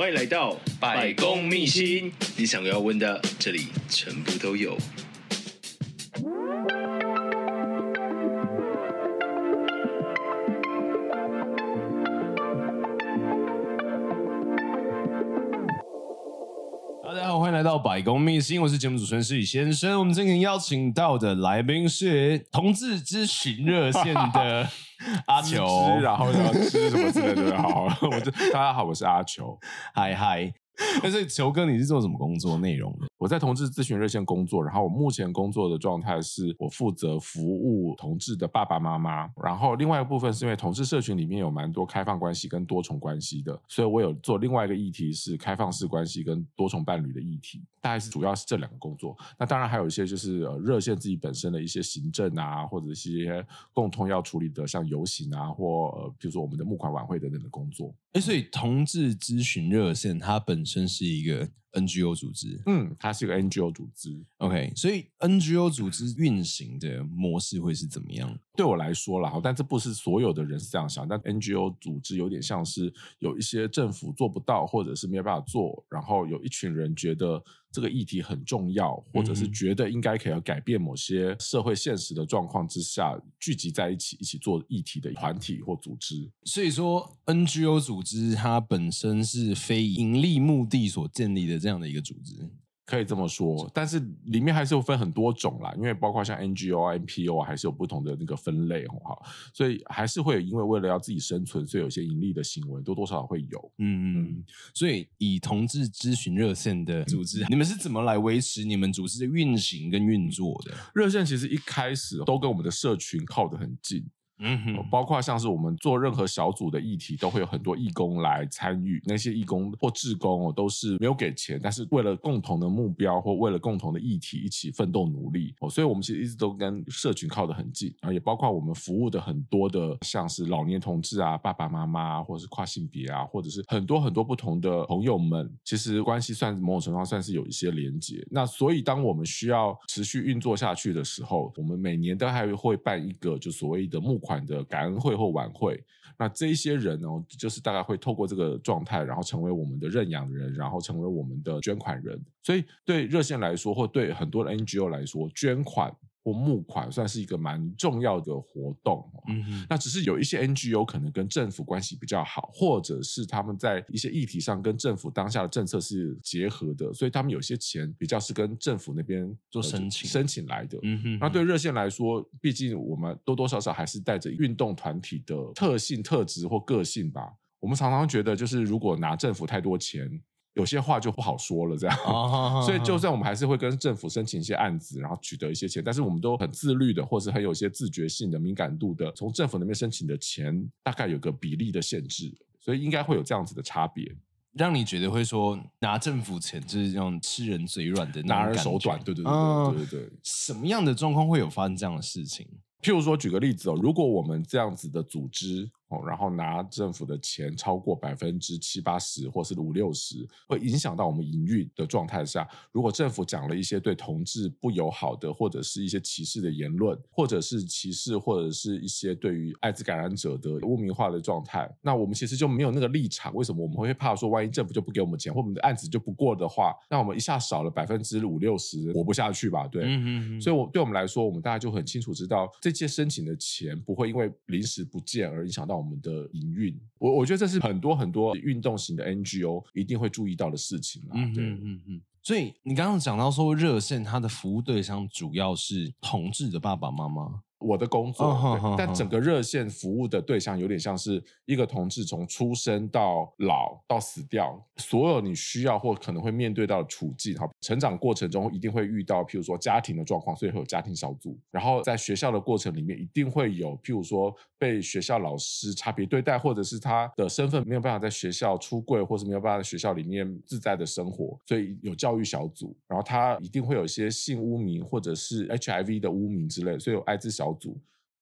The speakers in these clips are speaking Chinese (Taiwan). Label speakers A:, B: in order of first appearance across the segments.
A: 歡迎來到百工，百工秘辛，你想要問的，這裡全部都有。來到百工秘辛，我是節目主持人失禮先生。我們今天邀請到的來賓是同志諮詢熱線的阿球， 然後然後吃什麼之類的好。好， 我就大
B: 家好，我是阿球，嗨嗨。但 是，球哥，你是做什麼工作內容的？我在同志諮詢熱線工作，然後我目前工作的狀態是我負責服務同志的爸爸媽媽。然後另外一個部分是因為同志社群裡面有蠻多開放關係跟多重關係的，所以我有做另外一個議題是開放式關係跟多重伴侶的議題。大概是主要是這兩個工作。那當然還有一些就是、呃、熱線自己本身的一些行政啊，或者一些共同要處理的，像遊行啊，或、呃、比如說我們的募款晚會等等的工作。
A: 哎、欸，所以同志諮詢熱線它本身。真是一個。NGO 組織，嗯，它是一個 NGO
B: 組織。OK，所以 NGO 組織運行的模式會是怎麼樣？對我來說啦，了但這不是所有的人是這樣想。但 NGO 組織有點像是有一些政府做不到，或者是沒有辦法做，然後有一群人覺得這個議題很重要，或者是覺得應該可以改變某些社會現實的狀況之下，聚集在一起一起做議題的團體或組織。
A: 所以說，NGO 組織它
B: 本身是非盈利目的所建立的。這樣的一個組織可以這麼說，但是裡面還是有分很多種啦，因為包括像 NGO、NPO 還是有不同的那個分類哈，所以還是會因為為了要自己生存，所以有些盈利的行為多多少少會有。
A: 嗯嗯，所以以同志諮詢熱線的組
B: 織，嗯，你們是怎麼來維持你們組織的運行跟運作的？熱線其實一開始都跟我們的社群靠得很近。嗯哼，包括像是我們做任何小組的議題，都會有很多義工來參與。那些義工或志工哦，都是沒有給錢，但是為了共同的目標或為了共同的議題一起奮鬥努力哦。所以我們其實一直都跟社群靠得很近啊，也包括我們服務的很多的像是老年同志啊、爸爸媽媽、啊、或者是跨性別啊，或者是很多很多不同的朋友們，其實關係算某種程度上算是有一些連接。那所以當我們需要持續運作下去的時候，我們每年都還會辦一個就所謂的募款、款的感恩會或晚會，那這些人呢、哦，就是大概會透過這個狀態，然後成為我們的認養人，然後成為我們的捐款人。所以對熱線來說，或對很多的 NGO 來說，捐款。募款算是一個蠻重要的活動，嗯哼，那只是有一些 NGO 可能跟政府關係比較好，或者是他們在一些議題上跟政府當下的政策是結合的，所以他們有些錢比較是跟政府那邊做申請申請來的，嗯哼哼。那對熱線來說，畢竟我們多多少少還是帶着運動團體的特性特質或個性吧，我們常常覺得就是如果拿政府太多錢。有些話就不好說了，這樣、oh,， 所以就算我們還是會跟政府申請一些案子，然後取得一些錢，但是我們都很自律的，或是很有一些自覺性的敏感度的，從政府那邊申請的錢大概有個比例的限制，所以應該會有這樣子的差別。讓你覺得會說拿政府錢就是這樣吃人嘴軟的拿人手短，對對對對,、oh. 對對對，什麼樣的狀況會有發生這樣的事情？譬如說，舉個例子哦，如果我們這樣子的組織。然後拿政府的錢超過百分之七八十，或是五六十，會影響到我們營運的狀態下。如果政府講了一些對同志不友好的，或者是一些歧視的言論，或者是歧視，或者是一些對於艾滋感染者的污名化的狀態，那我們其實就沒有那個立場。為什麼我們會怕說，萬一政府就不給我們錢，或者我們的案子就不過的話，那我們一下少了百分之五六十，活不下去吧？對，嗯哼哼。所以我，我對我們來說，我們大家就很清楚知道，這些申請的錢不會因為臨時不見而影響到。我們的營運，我我覺得這是很多很多運動型的 NGO 一定會注意到的事情啦。嗯，
A: 對，嗯嗯。所以你剛剛講到說熱線，它的服務對象主要是同志的爸爸媽媽。
B: 我的工作，哦哦，但整個熱線服務的對象有點像是一個同志從出生到老到死掉，所有你需要或可能會面對到的處境。哈，成長過程中一定會遇到，譬如說家庭的狀況，所以會有家庭小組。然後在學校的過程裡面，一定會有譬如說。被學校老師差別對待，或者是他的身份沒有辦法在學校出櫃，或者是沒有辦法在學校裡面自在的生活，所以有教育小組。然後他一定會有一些性污名，或者是 HIV 的污名之類，所以有艾滋小組。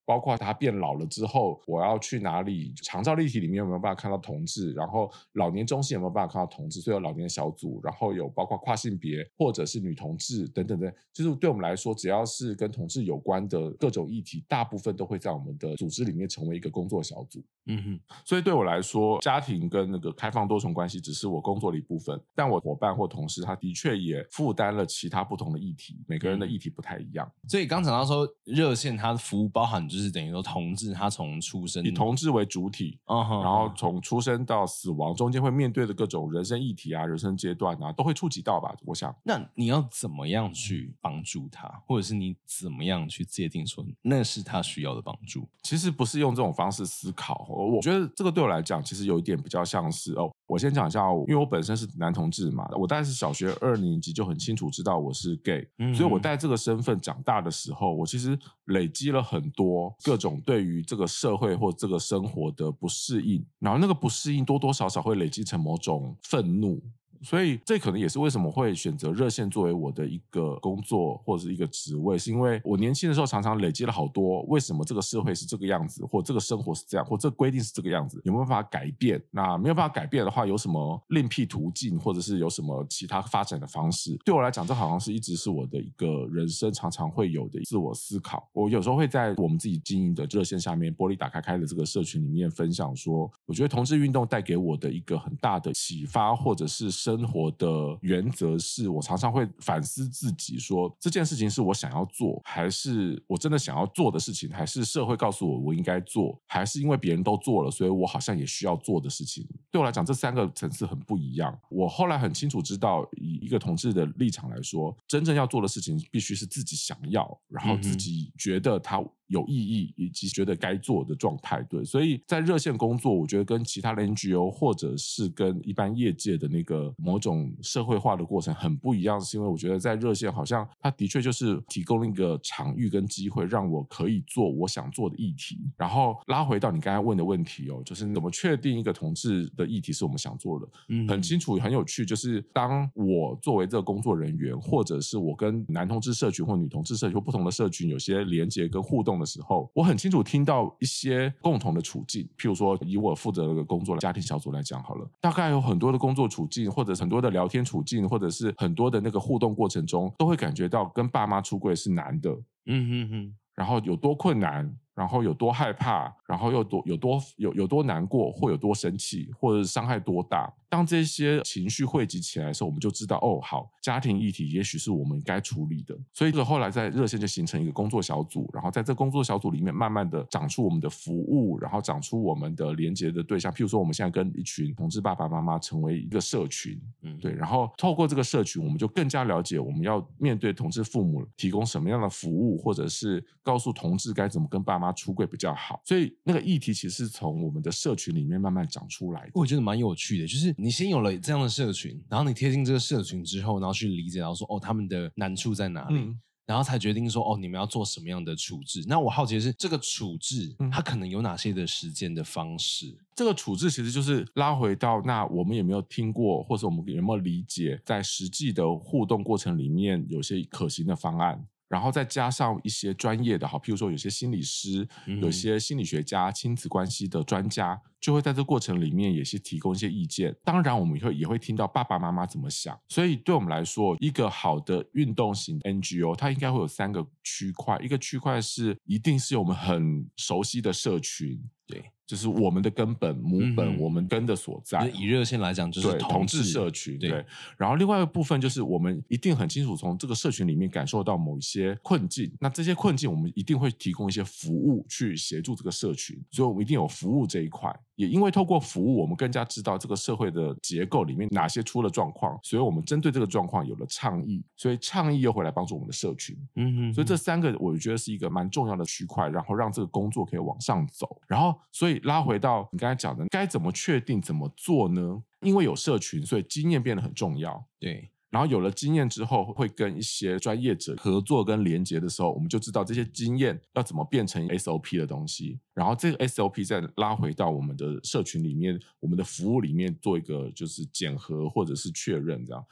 B: 包括他變老了之後，我要去哪裡？長照立體裡面有沒有辦法看到同志？然後老年中心有沒有辦法看到同志？所以有老年小組，然後有包括跨性別或者是女同志等等等。就是對我們來說，只要是跟同志有關的各種議題，大部分都會在我們的組織裡面成為一個工作小組。嗯哼。所以對我來說，家庭跟那個開放多重關係只是我工作的一部分，但我夥伴或同事他的確也負擔了其他不同的議題，每個人的議題不太一樣。
A: 嗯、所以剛講到說熱線它的服務包含、就是就是等於說，
B: 同志他從出生以同志為主體，Uh-huh. 然後從出生到死亡中間會面對的各種人生議題啊、人生階段啊，都會觸及到吧？我想，那你要怎麼樣去幫助他，或者是你怎麼樣去界定說那是他需要的幫助？其實不是用這種方式思考，我覺得這個對我來講，其實有一點比較像是哦。Oh, 我先講一下，因為我本身是男同志嘛，我大概是小學二年級就很清楚知道我是 gay，嗯嗯。所以我帶這個身份長大的時候，我其實累積了很多各種對於這個社會或這個生活的不適應，然後那個不適應多多少少會累積成某種憤怒。所以，這可能也是為什麼會選擇熱線作為我的一個工作或者是一個職位，是因為我年輕的時候常常累積了好多。為什麼這個社會是這個樣子，或者這個生活是這樣，或者這個規定是這個樣子，有沒有辦法改變？那沒有辦法改變的話，有什麼另闢途徑，或者是有什麼其他發展的方式？對我來講，這好像是一直是我的一個人生常常會有的自我思考。我有時候會在我們自己經營的熱線下面玻璃打開開的這個社群裡面分享說，我覺得同志運動帶給我的一個很大的啟發，或者是。生活的原則是我常常會反思自己說，說這件事情是我想要做，還是我真的想要做的事情，還是社會告訴我我應該做，還是因為別人都做了，所以我好像也需要做的事情。對我來講，這三個層次很不一樣。我後來很清楚知道，以一個同志的立場來說，真正要做的事情必須是自己想要，然後自己覺得它有意義，以及覺得該做的狀態。對，所以在熱線工作，我覺得跟其他的 NGO 或者是跟一般業界的那個。某種社會化的過程很不一樣，是因為我覺得在熱線好像它的確就是提供了一個場域跟機會，讓我可以做我想做的議題。然後拉回到你剛才問的問題哦，就是怎麼確定一個同志的議題是我們想做的？嗯，很清楚，很有趣。就是當我作為這個工作人員，或者是我跟男同志社群或女同志社群或不同的社群有些連接跟互動的時候，我很清楚聽到一些共同的處境。譬如說，以我負責這個工作的家庭小組來講好了，大概有很多的工作處境或者很多的聊天處境，或者是很多的那個互動過程中，都會感覺到跟爸媽出櫃是難的，嗯嗯嗯，然後有多困難。然後有多害怕，然後又多有多有多有，有多難過，或有多生氣，或者傷害多大，當這些情緒匯集起來的時候，我們就知道哦，好，家庭議題也許是我們該處理的。所以，這個後來在熱線就形成一個工作小組，然後在這工作小組裡面，慢慢的長出我們的服務，然後長出我們的連接的對象。譬如說，我們現在跟一群同志爸爸媽媽成為一個社群，嗯，對，然後透過這個社群，我們就更加了解我們要面對同志父母提供什麼樣的服務，或者是告訴同志該怎麼跟爸媽出櫃比較好，所以那個議題其實是從我們的社群裡面慢慢長出來的。我覺得蠻有趣的，就
A: 是你先有了這樣的社群，然後你貼近這個社群之後，然後去理解，然後說哦，他們的難處在哪裡，嗯、然後才決定說哦，你們要做什麼樣的處置。那我好奇的是這個處置，
B: 它可能有哪些的時間的方式、嗯？這個處置其實就是拉回到，那我們有沒有聽過，或者我們有沒有理解，在實際的互動過程裡面，有些可行的方案？然後再加上一些專業的，好，譬如說有些心理師、嗯、有些心理學家、親子關係的專家，就會在這過程裡面也是提供一些意見。當然，我們也會,也會聽到爸爸媽媽怎麼想。所以，對我們來說，一個好的運動型 NGO，它應該會有三個區塊，一個區塊是一定是我們很熟悉的社群，對。就是我們的根本母本、嗯，我們根的所在。就是、以熱線來講，就是對同志社群對。對，然後另外一個部分就是我們一定很清楚，從這個社群裡面感受到某一些困境。那這些困境，我們一定會提供一些服務去協助這個社群。所以，我們一定有服務這一塊。也因為透過服務，我們更加知道這個社會的結構裡面哪些出了狀況。所以，我們針對這個狀況有了倡議。所以，倡議又會來幫助我們的社群。嗯嗯。所以，這三個我覺得是一個蠻重要的區塊，然後讓這個工作可以往上走。然後，所以。拉回到你剛才講的，該怎麼確定怎麼做呢？因為有社群，所以經驗變得很重要。對，然後有了經驗之後，會跟一些專業者合作跟連接的時候，我們就知道這些經驗要怎麼變成 SOP 的東西。然後這個 SOP 再拉回到我們的社群裡面，我們的服務裡面做一個就是檢核或者是確認這樣。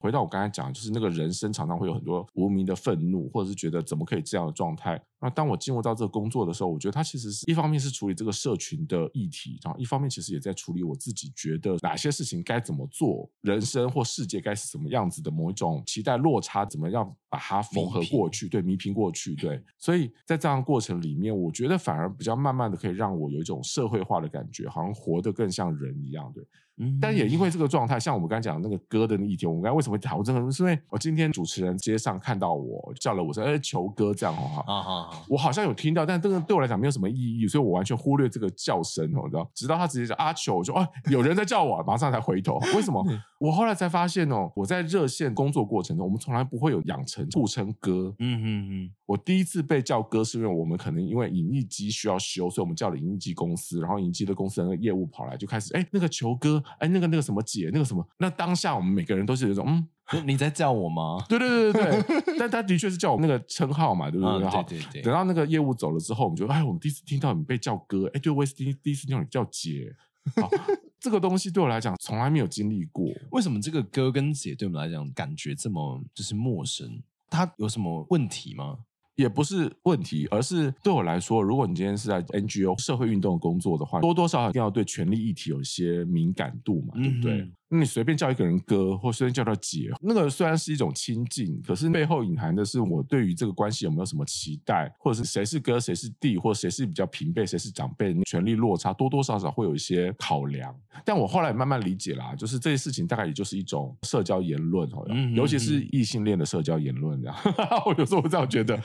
B: 回到我剛才講，就是那個人生常常會有很多無名的憤怒，或者是覺得怎麼可以這樣的狀態。那、啊、當我進入到這個工作的時候，我覺得它其實是一方面是處理這個社群的議題，然後一方面其實也在處理我自己覺得哪些事情該怎麼做，人生或世界該是什麼樣子的某一種期待落差，怎麼樣把它縫合過去，評，對，彌平過去，對。所以在這樣的過程裡面，我覺得反而比較慢慢的可以讓我有一種社會化的感覺，好像活得更像人一樣，對。嗯、但也因為這個狀態，像我們剛才講的那個歌的議題，我們剛才為什麼講這個？是因為我今天主持人街上看到我叫了我說，哎，球哥這樣，哈、啊、哈。啊啊啊我好像有聽到，但這個對我來講沒有什麼意義，所以我完全忽略這個叫聲哦，你知道，直到他直接叫阿球，我說，啊、哎，有人在叫我，馬上才回頭。為什麼？我後來才發現哦，我在熱線工作過程中，我們從來不會有養成互稱哥，嗯嗯嗯。我第一次被叫哥，是因為我們可能因為影印機需要修，所以我們叫了影印機公司，然後影印機的公司的那個業務跑來，就開始哎，那個球哥，哎，那個那個什麼姐，那個什麼，那當下我們每個人都是有一種嗯。你在叫我嗎？對對對對對， 但他的確是叫我那個稱號嘛，對不對？嗯，對，對，對。好，等到那個業務走了之後，我們覺得，哎，我們第一次聽到你被叫哥，哎，對，我第第一次聽到你叫姐，好， 這個東西對我來講從來沒有經歷過。為什麼這個哥跟姐對我們來講感覺這麼就是陌生？它有什麼問題嗎？也不是問題，而是對我來說，如果你今天是在 NGO 社會運動工作的話，多多少少一定要對權力議題有些敏感度嘛，對不對？嗯你隨便叫一個人哥，或隨便叫他姐，那個雖然是一種親近，可是背後隱含的是我對於這個關係有沒有什麼期待，或者是誰是哥誰是弟，或者誰是比較平輩誰是長輩，權力落差多多少少會有一些考量。但我後來慢慢理解啦、啊，就是這些事情大概也就是一種社交言論，好、嗯、像、嗯嗯、尤其是異性戀的社交言論這樣。 我有時候這樣覺得，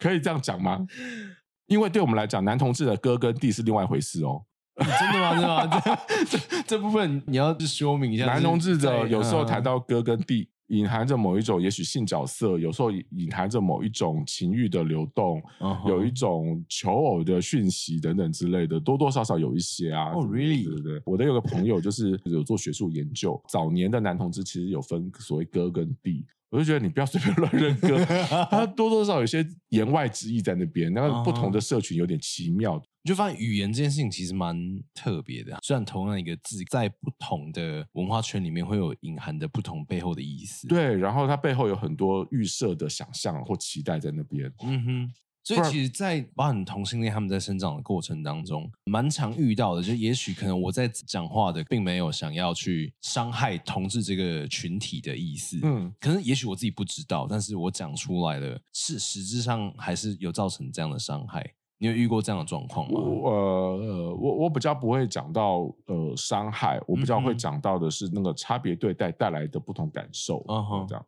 B: 可以這樣講嗎？因為對我們來講，男同志的哥跟弟是另外一回事哦。 真的嗎？真的嗎？這這，這部分你要是說明一下是不是？男同志的有時候談到哥跟弟，隱含着某一種也許性角色，有時候隱含着某一種情慾的流動、uh -huh.，有一種求偶的訊息等等之類的，多多少少有一些啊。哦、oh,，really？對對對，我的有個朋友就是有做學術研究，早年的男同志其實有分所謂哥跟弟。我就覺得你不要隨便亂認歌，它， 多多少少有些言外之意在那邊。那不同的社群有點奇妙，
A: 你、哦、就發現語言這件事情其實蠻特別的。雖然同樣一個字，在不同的文化圈裡面會有隱含的不同背後的意
B: 思。對，然後它背後有很多預設
A: 的想象或期待在那邊。嗯哼。所以，其實，在包含同性戀他們在生長的過程當中，蠻常遇到的。就也許可能我在講話的，並沒有想要去傷害同志這個群體的意思。嗯，可能也許我自己不知道，但是我講出來了，是實質上還是
B: 有造成這樣的傷害。你有遇過這樣的狀況嗎？我呃，我我比較不會講到呃傷害，我比較會講到的是那個差別對待帶，帶來的不同感受。嗯哼、嗯，這樣。Uh-huh.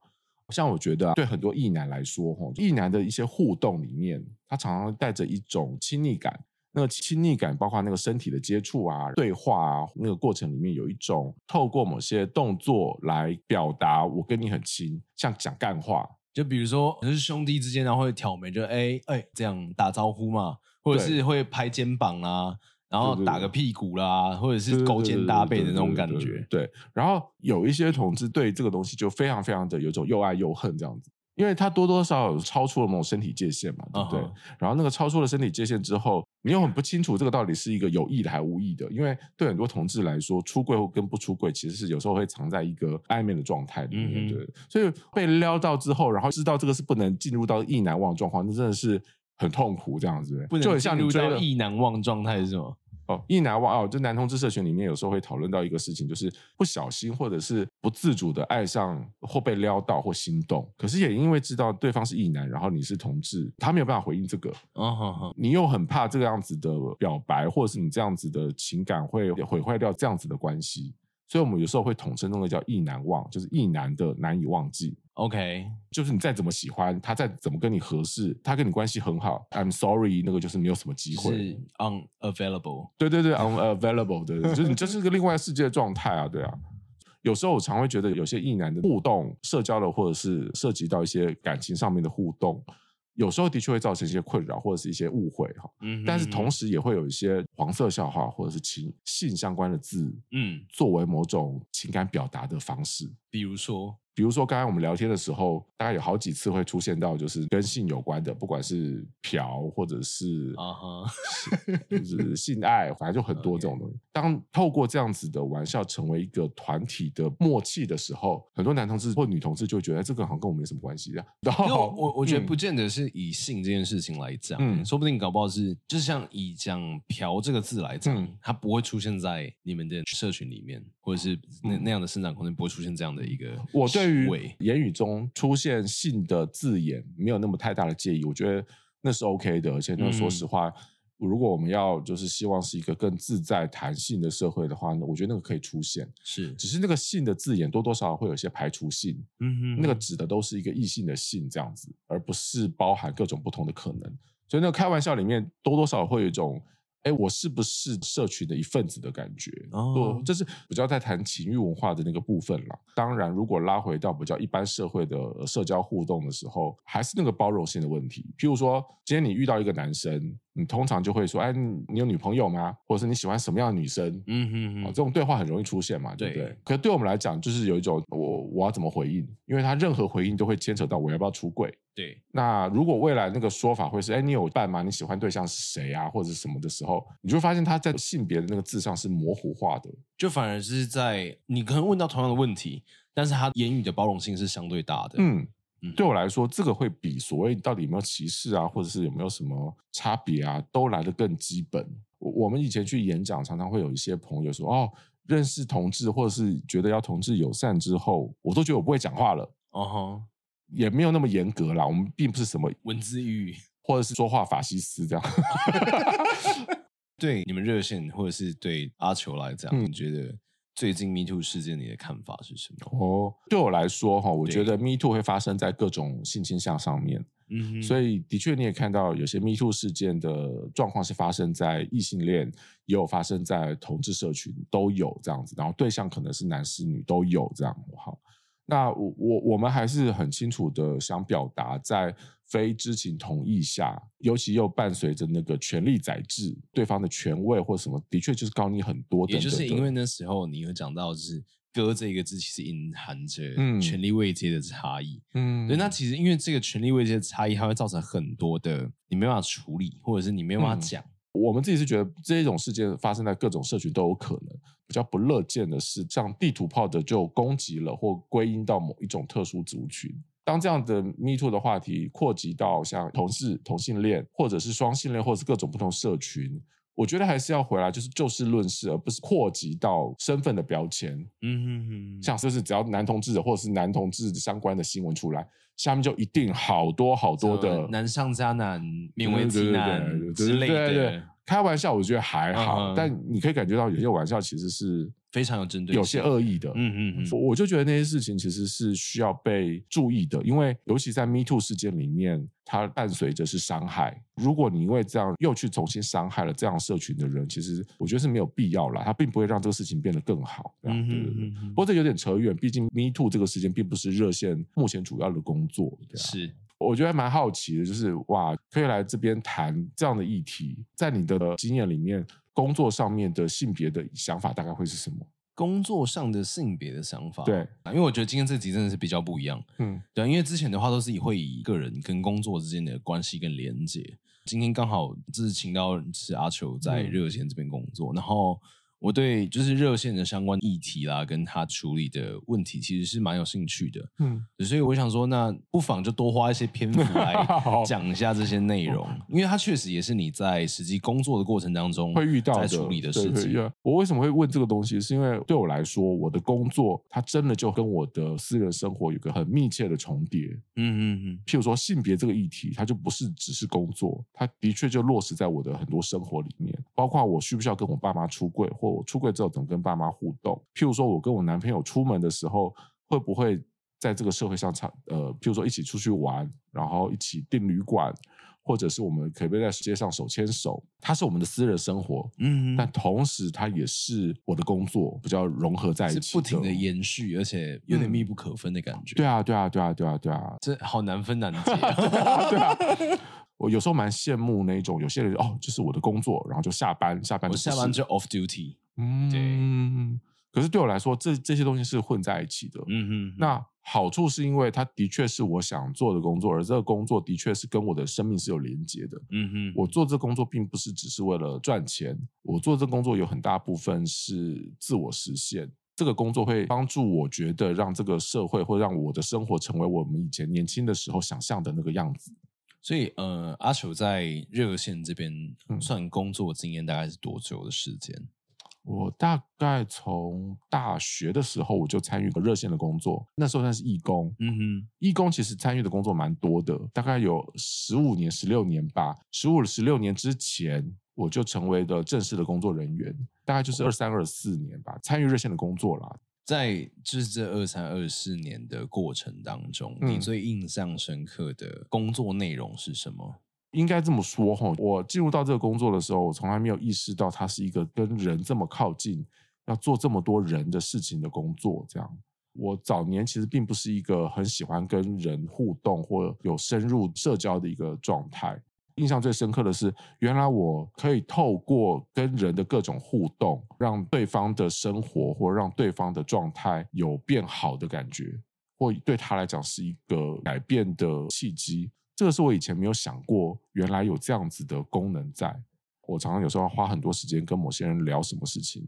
B: 像我覺得，對很多異男來說，哈，異男的一些互動裡面，他常常帶着一種親昵感。那個親昵感，包括那個身體的接觸啊，對話啊，那個過程裡面有一種透過某些動作來表達我跟你很親，像講幹話，
A: 就比如說，可能是兄弟之間、啊，然後會挑眉，就哎哎這樣打招呼嘛，或者是會拍
B: 肩膀啊。然後打個屁股啦，對對對或者是勾肩搭背的那種感覺。對,對,對,對,對,對,對,對，然後有一些同志對這個東西就非常非常的有種又愛又恨這樣子，因為他多多少少超出了某種身體界限嘛，對不對、哦？然後那個超出了身體界限之後，你又很不清楚這個到底是一個有益的還是無益的，因為對很多同志來說，出櫃或跟不出櫃其實是有時候會藏在一個曖昧的狀態裡面、嗯，對。所以被撩到之後，然後知道這個是不能進入到意難忘的狀況，那真的是。很痛苦，這樣子是不是不像你？就很陷遇到，意難忘狀態是嗎？哦，意難忘哦，這男同志社群裡面有時候會討論到一個事情，就是不小心或者是不自主的愛上或被撩到或心動，可是也因為知道對方是意難，然後你是同志，他沒有辦法回應這個，哦，好好，你又很怕這個樣子的表白或者是你這樣子的情感會毀壞掉這樣子的關係，所以我們有時候會統稱那個叫意難忘，就是意難的難以忘記。OK，就是你再怎麼喜歡他，再怎麼跟你合適，他跟你關係很好。I'm sorry，那個就是沒有什麼機會。是
A: Unavailable。
B: 對對對 ，Unavailable 對。對，就是你這是個另外世界的狀態啊，對啊。 有時候我常會覺得，有些異男的互動、社交的，或者是涉及到一些感情上面的互動，有時候的確會造成一些困擾，或者是一些誤會哈。嗯。但是同時也會有一些黃色笑話，或者是情性相關的字，嗯，作為某種情感表達的方式，
A: 比如說。
B: 比如說，剛才我們聊天的時候，大概有好幾次會出現到就是跟性有關的，不管是嫖或者是啊、uh -huh.，就是性愛， 反正就很多這種東西。Uh、當透過這樣子的玩笑成為一個團體的默契的時候，很多男同志或女同志就會覺得、哎、這個好像跟我沒什麼關係一樣。然後我我覺得不
A: 見得是以性這件事情來講，嗯，說不定搞不好是就是像以講嫖這個字來講，嗯、它不會出現在你們的社群裡面，或者是那、嗯、那樣的生長空間不會出現這樣的一個我對。對於
B: 言語中出現性的字眼，沒有那麼太大的介意，我覺得那是 OK 的。而且呢，說實話，嗯，如果我們要就是希望是一個更自在談性的社會的話，那我覺得那個可以出現。是，只是那個性的字眼多多少少會有些排除性。嗯哼哼，那個指的都是一個異性的性這樣子，而不是包含各種不同的可能。所以那個開玩笑裡面多多少少會有一種。哎，我是不是社群的一份子的感覺？哦、oh.，這是比較在談情慾文化的那個部分了。當然，如果拉回到比較一般社會的社交互動的時候，還是那個包容性的問題。譬如說，今天你遇到一個男生。你通常就會說，哎，你有女朋友嗎？或者是你喜歡什麼樣的女生？嗯哼，哼，哦，這種對話很容易出現嘛，對不對？可是對我們來講，就是有一種我我要怎麼回應？因為他任何回應都會牽扯到我要不要出櫃。對。那如果未來那個說法會是，哎，你有伴嗎？你喜歡對象是誰啊？或者什麼的時候，你就會發現他在性別的那個字上是模糊化的，
A: 就反而是在你
B: 可能問到同樣的問題，但是他言語的包容性是相對大的。嗯。嗯、對我來說，這個會比所謂到底有沒有歧視啊，或者是有沒有什麼差別啊，都來得更基本。我我們以前去演講，常常會有一些朋友說：“哦，認識同志，或者是覺得要同志友善之後，我都覺得我不會講話了。”哦吼，也沒有那麼嚴格啦。我們並不是什麼文字獄，或者是說話法西斯這樣。
A: 對你們熱線，或者是對阿球來講，嗯、你覺得？最近 MeToo 事
B: 件你的看法是什麼？哦，對我來說哈，我覺得 MeToo 會發生在各種性傾向上面，嗯，所以的確你也看到有些 MeToo 事件的狀況是發生在異性戀，也有發生在同志社群，都有這樣子，然後對象可能是男是女都有這樣，哈，那我我我們還是很清楚的想表達在。非知情同意下，尤其又伴隨着那個權力宰制，對方的權位或什麼，的確就是高你很多。也就是因為
A: 那時候，你有講到，就是“哥、嗯”哥這個字其實隱含着權力位階的差異。
B: 嗯，對，
A: 那其實因為這個
B: 權力位階的差異，它會造成很多的你沒辦法處理，或者是你沒辦法講。嗯、我們自己是覺得這種事件發生在各種社群都有可能，比較不樂見的是，像地圖炮的就攻擊了或歸因到某一種特殊族群。當這樣的 Me Too 的話題擴及到像同志、同性戀，或者是雙性戀，或者是各種不同社群，我覺得還是要回來就是就事論事，而不是擴及到身份的標籤。嗯哼哼，像就是，是只要男同志或者是男同志相關的新聞出來，下面就一定好多好多的男上渣男、勉為其難之類的。對對對，開玩笑我覺得還好，嗯嗯，但你可以感覺到有些玩笑其實是。非常有針對性，有些惡意的。嗯嗯，嗯我就覺得那些事情其實是需要被注意的，因為尤其在 Me Too 事件裡面，它伴隨着是傷害。如果你因為這樣又去重新傷害了這樣社群的人，其實我覺得是沒有必要啦，它並不會讓這個事情變得更好。這樣嗯對
A: 對嗯
B: 嗯，嗯。不過這有點扯遠，畢竟 Me Too 這個事件並不是熱線目前主要的工作。啊、是，我覺得還蠻好奇的，就是哇，可以來這邊談這樣的議題，在你的經驗裡面。工作上面的性別的想法大概會是什麼？工作上的性別的想法，對、啊，因
A: 為我覺得今天這集真的是比較不一樣。嗯，對、啊，因為之前的話都是以會以個人跟工作之間的關係跟連接，今天剛好就是請到是阿球在熱線這邊工作，嗯、然後。我對就是熱線的相關議題啦，跟他處理的問題其實是蠻有興趣的，嗯，所以我想說，那不妨就多花一些篇幅來講一下這些內容， 因為它確實也是你在實際工作的過程當中會遇到的。處理的事情、對、對、對、啊。
B: 我為什麼會問這個東西，是因為對我來說，我的工作它真的就跟我的私人生活有個很密切的重疊，嗯嗯嗯，譬如說性別這個議題，它就不是只是工作，它的確就落實在我的很多生活裡面，包括我需不需要跟我爸媽出櫃或。我出櫃之後怎麼跟爸媽互動，譬如說我跟我男朋友出門的時候，會不會在這個社會上，呃，譬如說一起出去玩，然後一起訂旅館，或者是我們可不可以在街上手牽手？它是我們的私人生活，嗯，但同時它也是我的工作，比較融合在一起，是不停的延續，而且有點密不可分的感覺，嗯。對啊，對啊，對啊，對啊，對啊，這
A: 好難分難解，啊 對啊。對
B: 啊。 我有時候蠻羨慕那一種，有些人說哦，就是我的工作，然後就下班，下班就是，我下班就 off duty，嗯。對。可是對我來說，這這些東西是混在一起的，嗯哼哼。那好處是因為它的確是我想做的工作，而這個工作的確是跟我的生命是有連接的，嗯。我做這工作並不是只是為了賺錢，我做這工作有很大部分是自我實現。這個工作會幫助我覺得讓這個社會會讓我的生活成為我們以前年輕的時候想象的那個樣子。
A: 所以，呃，阿球在熱線這邊算工作經
B: 驗大概是多久的時間，嗯？我大概從大學的時候我就參與過熱線的工作，那時候算是義工，嗯哼，義工其實參與的工作蠻多的，大概有十五年、十六年吧。十五、十六年之前我就成為了正式的工作人員，大概就是二三、哦、二四年吧，參與熱線的工作啦。在
A: 就是這二三二四年的過程當中，嗯，你最印象深刻的
B: 工作內容是什麼？應該這麼說哈，我進入到這個工作的時候，我從來沒有意識到它是一個跟人這麼靠近，要做這麼多人的事情的工作。這樣，我早年其實並不是一個很喜歡跟人互動或有深入社交的一個狀態。印象最深刻的是，原來我可以透過跟人的各種互動，讓對方的生活或讓對方的狀態有變好的感覺，或對他來講是一個改變的契機。這個是我以前沒有想過，原來有這樣子的功能在。在我常常有時候要花很多時間跟某些人聊什麼事情，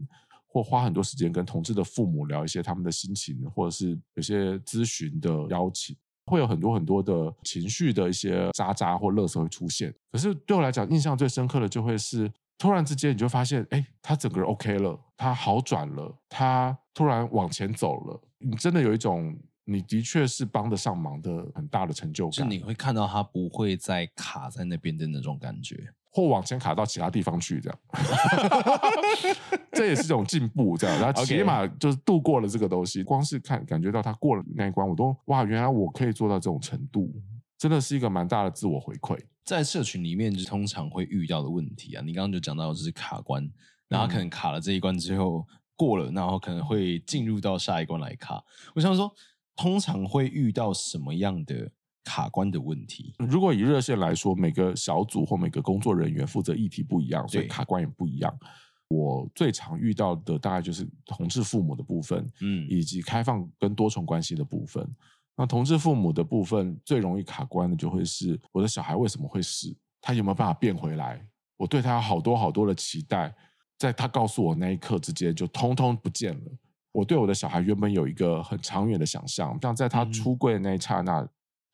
B: 或花很多時間跟同志的父母聊一些他們的心情，或者是有些諮詢的邀請。會有很多很多的情緒的一些渣渣、或垃圾會出現，可是對我來講，印象最深刻的就會是，突然之間你就發現，哎，他整個人 OK 了，他好轉了，他突然往前走了，你真的有一種你的確是幫得上忙的很大的成就感，就你會
A: 看到他不會再卡在那邊的那種感
B: 覺。或往前卡到其他地方去，這樣 這也是一種進步，這樣，然後起碼就是度過了這個東西。光是看感覺到他過了那一關，我都哇，原來我可以做到這種程度，真的是一個蠻大的自我回饋。
A: 在社群裡面，就通常會遇到的問題啊，你剛剛就講到就是卡關，然後可能卡了這一關之後過了，然後可能會進入到下一關來卡。我想說，通常會遇到什麼樣的？卡關的問
B: 題。如果以熱線來說，每個小組或每個工作人員負責議題不一樣，所以卡關也不一樣。我最常遇到的大概就是同志父母的部分，嗯，以及開放跟多重關係的部分。那同志父母的部分最容易卡關的就會是：我的小孩為什麼會死？他有沒有辦法變回來？我對他有好多好多的期待，在他告訴我那一刻之間就通通不見了。我對我的小孩原本有一個很長遠的想象，但在他出櫃的那一剎那。嗯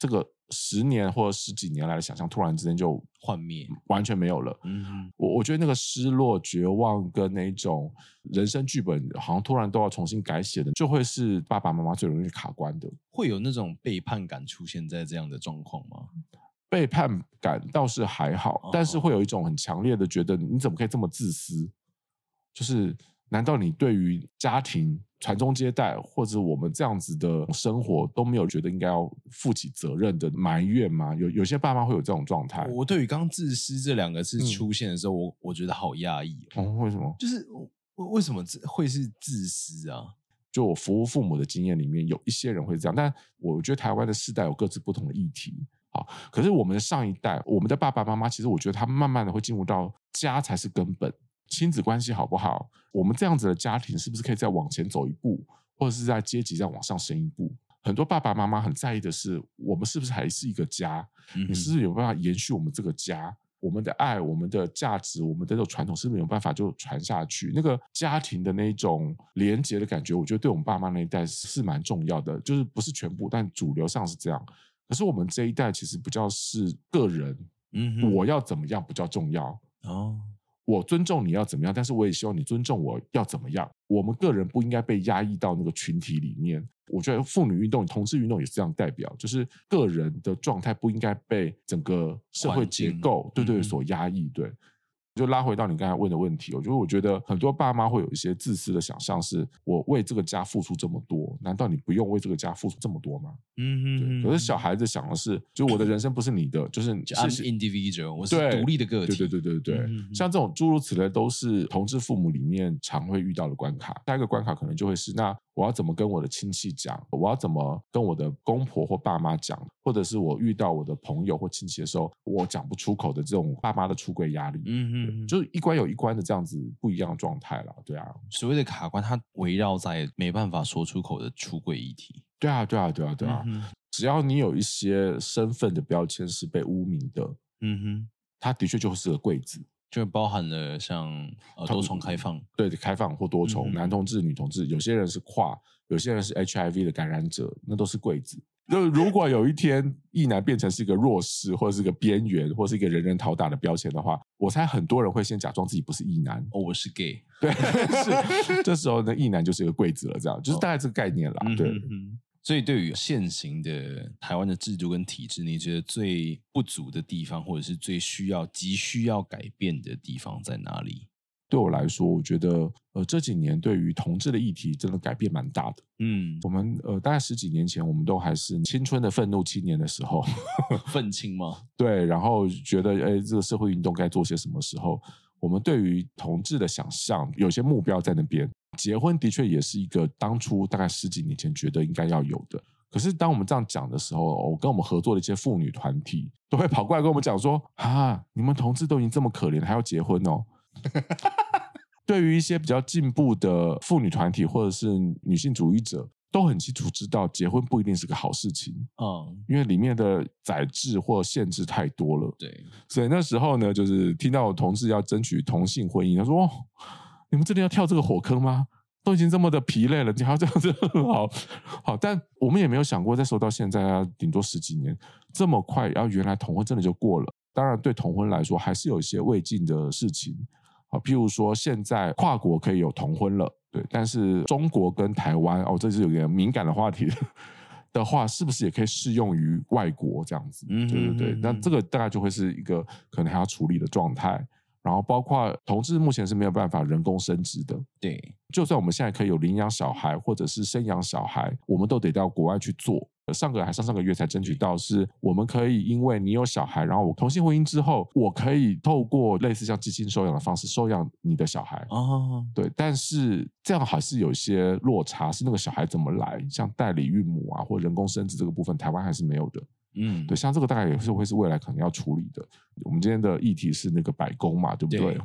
B: 這個十年或者十幾年來的想象，突然之間就幻滅，完全沒有了。嗯，我我覺得那個失落、絕望跟那種人生劇本，好像突然都要重新改寫的，就會是爸爸媽媽最容易卡關的。
A: 會有那種背叛感出現在這樣的狀況嗎？
B: 背叛感倒是還好，哦哦，但是會有一種很強烈的覺得，你怎麼可以這麼自私？就是。難道你對於家庭傳宗接代或者我們這樣子的生活都沒有覺得應該要負起責任的埋怨嗎？有，有些爸媽會有這種狀態。我對於剛自私這
A: 兩個字出現的時候，嗯、我我覺得好壓
B: 抑、哦。哦、嗯，為什麼？就
A: 是為為什麼會是自私啊？
B: 就我服務父母的經驗裡面，有一些人會這樣，但我覺得台灣的世代有各自不同的議題。好，可是我們的上一代，我們的爸爸媽媽，其實我覺得他慢慢的會進入到家才是根本。親子關係好不好？我們這樣子的家庭是不是可以再往前走一步，或者是在階級再往上升一步？很多爸爸媽媽很在意的是，我們是不是還是一個家？嗯、你是不是有辦法延續我們這個家？我們的愛，我們的價值，我們的這種傳統，是不是有辦法就傳下去？那個家庭的那種連接的感覺，我覺得對我們爸媽那一代是蠻重要的，就是不是全部，但主流上是這樣。可是我們這一代其實比較是個人，嗯、我要怎麼樣比較重要、哦我尊重你要怎麼樣，但是我也希望你尊重我要怎麼樣。我們個人不應該被壓抑到那個群體裡面。我覺得婦女運動、同志運動也是這樣，代表就是個人的狀態不應該被整個社會結構對對所壓抑，嗯，對。就拉回到你剛才問的問題，哦，我就是，我覺得很多爸媽會有一些自私的想象是，是我為這個家付出這麼多，難道你不用為這個家付出這麼多嗎？嗯哼，嗯哼對，可是小孩子想的是，就我的人生不是你的， 就是我是
A: individual，我是獨立的個體，對對對對對，對，對嗯哼嗯
B: 哼，像這種諸如此類，都是同志父母裡面常會遇到的關卡。下一個關卡可能就會是那。我要怎麼跟我的親戚講？我要怎麼跟我的公婆或爸媽講？或者是我遇到我的朋友或親戚的時候，我講不出口的這種爸媽的出櫃壓力，嗯哼,哼，就一關有一關的這樣子不一樣的狀態了，對啊，
A: 所謂的卡關，它圍繞在沒辦法說出
B: 口的出櫃議題，對啊，對啊，對啊，對啊、嗯，只要你有一些身份的標籤是被污名的，嗯哼，它的確就是個櫃子。就包含了像、呃、多重開放，對的開放或多重、嗯、男同志、女同志，有些人是跨，有些人是 HIV 的感染者，那都是櫃子。就如果有一天異 男變成是一個弱勢，或者是一個邊緣，或者是一個人人討打的標籤的話，我猜很多人會先假裝自己不是異男。哦，我是 gay。對， 是這時候呢，異男就是一個櫃子了，這樣就是大概這個概念啦。哦、對。嗯哼哼
A: 所以，對於現行的台灣的制度跟體制，你覺得最
B: 不足的地方，或者是最需要、急需要改變的地方在哪裡？對我來說，我覺得，呃，這幾年對於同志的議題，真的改變蠻大的。嗯，我們呃，大概十幾年前，我們都還是青春的憤怒青年的時候，憤青嗎？ 對，然後覺得，誒，這個社會運動該做些什麼時候？我們對於同志的想象，有些目標在那邊。結婚的確也是一個當初大概十幾年前覺得應該要有的。可是當我們這樣講的時候，哦、我跟我們合作的一些婦女團體都會跑過來跟我們講說：“啊，你們同志都已經這麼可憐，還要結婚哦？” 對於一些比較進步的婦女團體或者是女性主義者。都很清楚知道結婚不一定是個好事情，嗯，因為裡面的宰制或限制太多了。對，所以那時候呢，就是聽到同事要爭取同性婚姻，他說：“哦，你們真的要跳這個火坑嗎？都已經這麼的疲累了，你還要這樣子？好好，但我們也沒有想過，再說到現在啊，頂多十幾年，這麼快，然後原來同婚真的就過了。當然，對同婚來說，還是有一些未盡的事情。”譬如說，現在跨國可以有同婚了，對，但是中國跟台灣哦，這是有點敏感的話題的話，的話，是不是也可以適用於外國這樣子？對對嗯，對對對。那這個大概就會是一個可能還要處理的狀態。然後，包括同志目前是沒有辦法人工生殖的，對。就算我們現在可以有領養小孩或者是生養小孩，我們都得到國外去做。上個月還是上個月才爭取到，是我們可以，因為你有小孩，然後我同性婚姻之後，我可以透過類似像繼親收養的方式收養你的小孩啊、哦。對，但是這樣還是有些落差，是那個小孩怎麼來，像代理孕母啊，或人工生殖這個部分，台灣還是沒有的。嗯，對，像這個大概也是會是未來可能要處理的。我們今天的議題是那個百工嘛，對不對，對？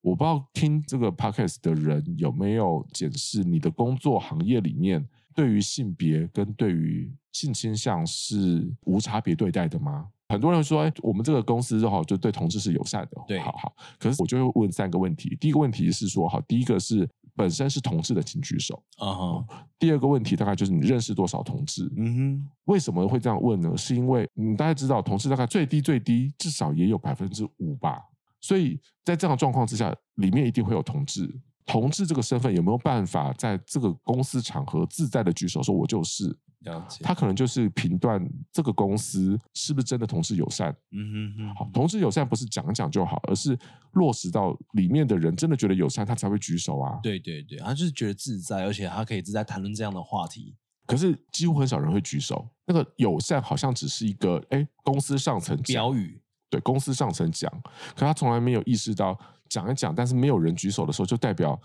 B: 我不知道聽這個 podcast 的人有沒有解釋你的工作行業裡面，對於性別跟對於性傾向是無差別對待的嗎？很多人說，哎，我們這個公司哈就，就對同志是友善的，對，好好。可是我就會問三個問題。第一個問題是說，好，第一個是本身是同志的，請舉手。嗯哼。第二個問題大概就是你認識多少同志？嗯哼。為什麼會這樣問呢？是因為你大家知道，同志大概最低最低至少也有百分之五吧，所以在這種狀況之下，裡面一定會有同志。同志這個身份有沒有辦法在這個公司場合自在的舉手？說我就是。
A: 他可能
B: 就是評斷這個公司是不是真的同志友善。嗯，好，同志友善不是講講就好，而是落實到裡面的人真的覺得友善，他才會舉手啊。
A: 對對對，他就是覺得自在，而且他可以自在談論這樣的話
B: 題。可是幾乎很少人會舉手，那個友善好像只是一個哎、欸，公司上層標語，對公司上層講，可他從來沒有意識到。講一講，但是沒有人舉手的時候，就代表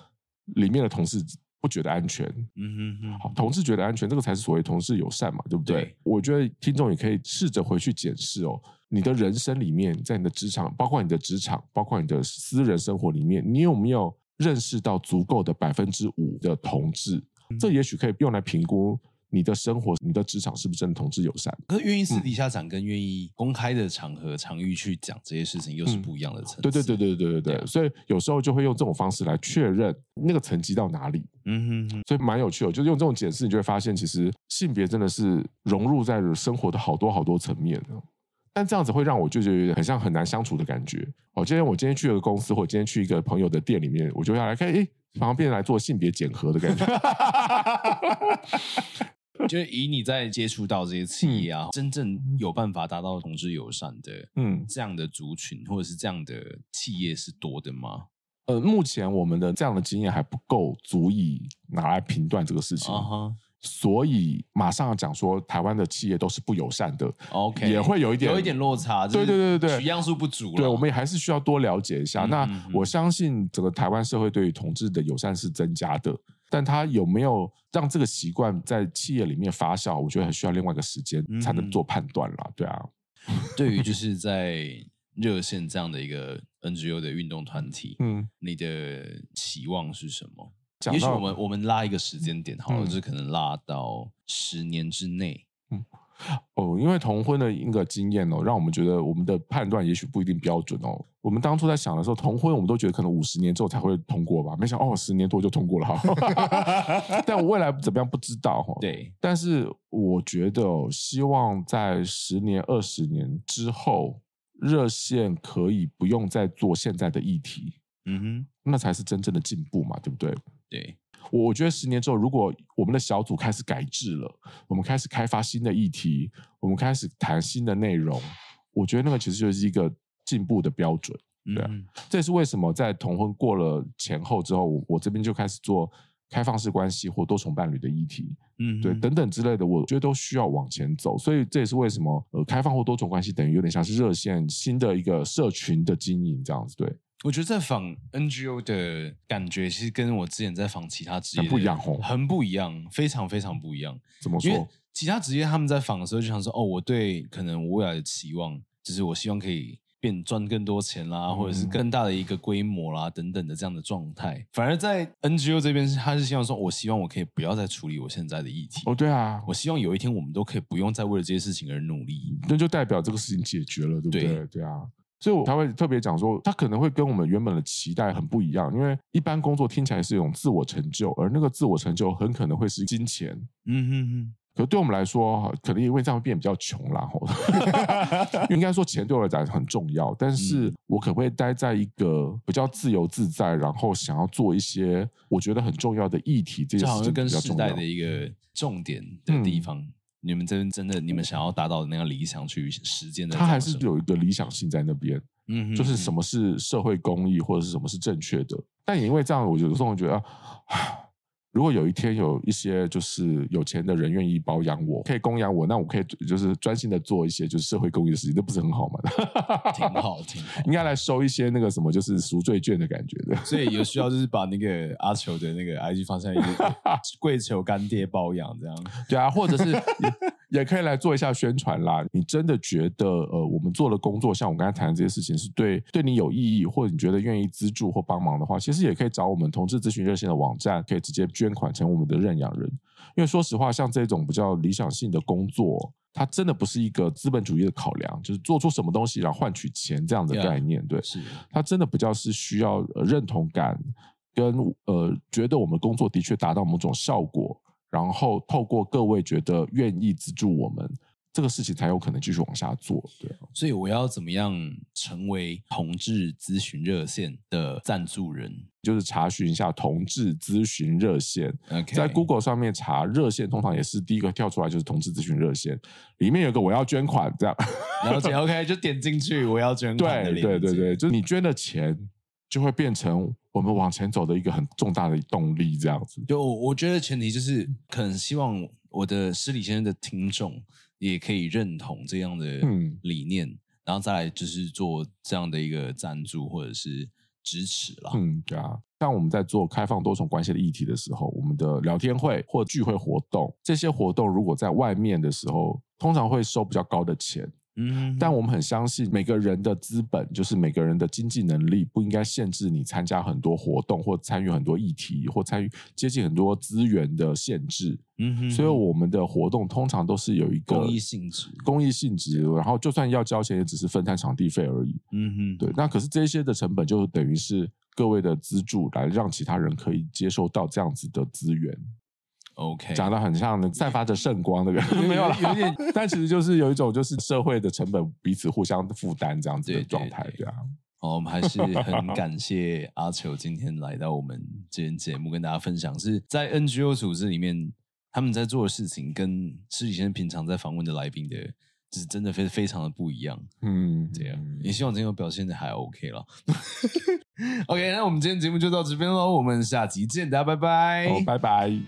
B: 裡面的同志不覺得安全。嗯哼嗯哼，好，同志覺得安全，這個才是所謂同志友善嘛，對不對？對，我覺得聽眾也可以試着回去檢視哦，你的人生裡面，在你的職場，包括你的職場，包括你的私人生活裡面，你有沒有認識到足夠的百分之五的同志、嗯？這也許可以用來評估。你的生活，你的職場是不是真的同志友善？
A: 可願意私底下講，跟願意公開的場合、場域去講這些事情，又是不一樣的層次、嗯。對對對對
B: 對對對，對，對，對，對，所以有時候就會用這種方式來確認、嗯、那個層級到哪裡。嗯哼、哼，所以蠻有趣的，就是用這種解釋，你就會發現，其實性別真的是融入在了生活的好多好多層面、啊、但這樣子會讓我就覺得很像很難相處的感覺。哦，今天我今天去一個公司，或今天去一個朋友的店裡面，我就要來看，哎，旁邊來做性別檢核的感覺。哈哈哈哈
A: 哈哈哈哈哈就以你在接觸到這些企業啊，嗯、真正有辦法達到同志友善的，嗯，這樣的族群、嗯、或者是這樣的企業是多的嗎？
B: 呃，目前我們的這樣的經驗還不夠，足以拿來評斷這個事情。Uh-huh. 所以馬上要講說，台灣的企業都是不友善的。OK，也會有一點有一
A: 點落差。對對對對對，取樣數不足對對對對。對，我們
B: 也還是需要多了解一下、嗯。那我相信整個台灣社會對於同志的友善是增加的，嗯嗯、但他有沒有讓這個習慣在企業裡面發酵，我覺得還需要另外一個時間才能做判斷了、嗯。對啊，對於就是在熱線
A: 這樣的一個 NGO 的運動團體，嗯，你的期望是什麼？也許我們、嗯、我們拉一個時間點好了，嗯、就可能拉
B: 到十年之內。嗯，哦，因為同婚的那個經驗哦，讓我們覺得我們的判斷也許不一定標準哦。我們當初在想的時候，同婚我們都覺得可能五十年之後才會通過吧，沒想到哦，十年多就通過了哈。 但我未來怎麼樣不知道哈、哦。對，但是我覺得、哦，希望在十年、二十年之後，熱線可以不用再做現在的議題。嗯哼，那才是真正的進步嘛，對不對？
A: 對
B: 我，我覺得十年之後，如果我們的小組開始改制了，我們開始開發新的議題，我們開始談新的內容，我覺得那個其實就是一個進步的標準。對啊，嗯，這也是為什麼在同婚過了前後之後，我，我這邊就開始做開放式關係或多重伴侶的議題，嗯，對，等等之類的，我覺得都需要往前走。所以這也是為什麼，呃，開放或多重關係等於有點像是熱線新的一個社群的經營這樣子，對。
A: 我覺得在訪 NGO 的感覺，其實跟我之前在訪其他職業不一樣哦，很不一樣、嗯，非常非常不一樣。怎麼說？因為其他職業他們在訪的時候就想說：“哦，我對可能我未來的期望就是我希望可以變賺更多錢啦、嗯，或者是更大的一個規模啦，等等的這樣的狀態。”反而在 NGO 這邊，他是希望說：“我希望我可以不要再處理我現在的
B: 議題。”哦，對啊，我希望有一天我們都可以不用再為了這些事情而努力，嗯、那就代表這個事情解決了，對不對？對，對啊。所以我才會特別講說，他可能會跟我們原本的期待很不一樣，因為一般工作聽起來是一種自我成就，而那個自我成就很可能會是金錢。嗯嗯嗯。可是對我們來說，可能因為這樣會變得比較窮啦。哈 應該說錢對我來講很重要，但是我可不可以待在一個比較自由自在，然後想要做一些我覺得很重要的議題，這事的比較重要，這
A: 好像跟時代的一個重點的地方。嗯你們真真的，你們想要達到的那個理想去實踐的，他還是
B: 有一個理想性在那邊，嗯哼哼，就是什麼是社會公益或者是什麼是正確的。但也因為這樣，我有時候覺得啊。如果有一天有一些就是有錢的人願意包養我，可以供養我，那我可以就是專心的做一些就是社會公益的事情，那不是很好嗎？ 挺好，挺好。應該來收一些那個什麼就是贖罪券的感覺的，
A: 所以有需要就是把那個阿球的那個 IG 放上跪求乾爹包養
B: 這樣， 對啊，或者是。 也可以來做一下宣傳啦。你真的覺得，呃，我們做的工作，像我剛才談的這些事情，是對對你有意義，或者你覺得願意資助或幫忙的話，其實也可以找我們同志諮詢熱線的網站，可以直接捐款成我們的認養人。因為說實話，像這種比較理想性的工作，它真的不是一個資本主義的考量，就是做出什麼東西然後換取錢這樣的概念，yeah, 對，是。它真的比較是需要、呃、認同感，跟呃，覺得我們工作的確達到某種效果。然後透過各位覺得願意資助我們這個事情，才有可能繼續往下做，對。
A: 所以我要怎麼樣成為同志諮詢熱線的贊助人？
B: 就是查詢一下同志諮詢熱線，okay. 在 Google 上面查熱線，通常也是第一個跳出來就是同志諮詢熱線，裡面有個我要捐款這樣，了解
A: OK 就點進去，我要捐款的。對對
B: 對對，就是你捐的錢就會變成我們往前走的一個很重大的動力，這樣子。
A: 就我覺得前提就是，可能希望我的失禮先生的聽眾也可以認同這樣的理念、嗯，然後再來就是做這樣的一個贊助或者是支持啦。嗯，對
B: 啊。像我們在做開放多重關係的議題的時候，我們的聊天會或聚會活動，這些活動如果在外面的時候，通常會收比較高的錢。嗯，但我們很相信每個人的資本，就是每個人的經濟能力，不應該限制你參加很多活動或參與很多議題或參與接近很多資源的限制。嗯哼，哼，所以我們的活動通常都是有一個公益性質，公益性質。然後就算要交錢，也只是分攤場地費而已。嗯哼，對。那可是這些的成本就等於是各位的資助，來讓其他人可以接受到這樣子的資源。OK，長得很像，散發着聖光的感覺沒有了，有點， 但其實就是有一種，就是社會的成本彼此互相負擔這樣子的狀態，這樣對對對，好，我們還是很感謝阿球今
A: 天來到我們這間節目跟大家分享，是在 NGO 組織裡面他們在做的事情，跟失禮先生平常在訪問的來賓的，就是真的非非常的不一樣，嗯，這樣、啊嗯、也希望今天我表現的還 OK 了。 OK，那我們今天節目就到這邊嘍，我們下集見，大家拜拜，拜拜。Oh, bye bye.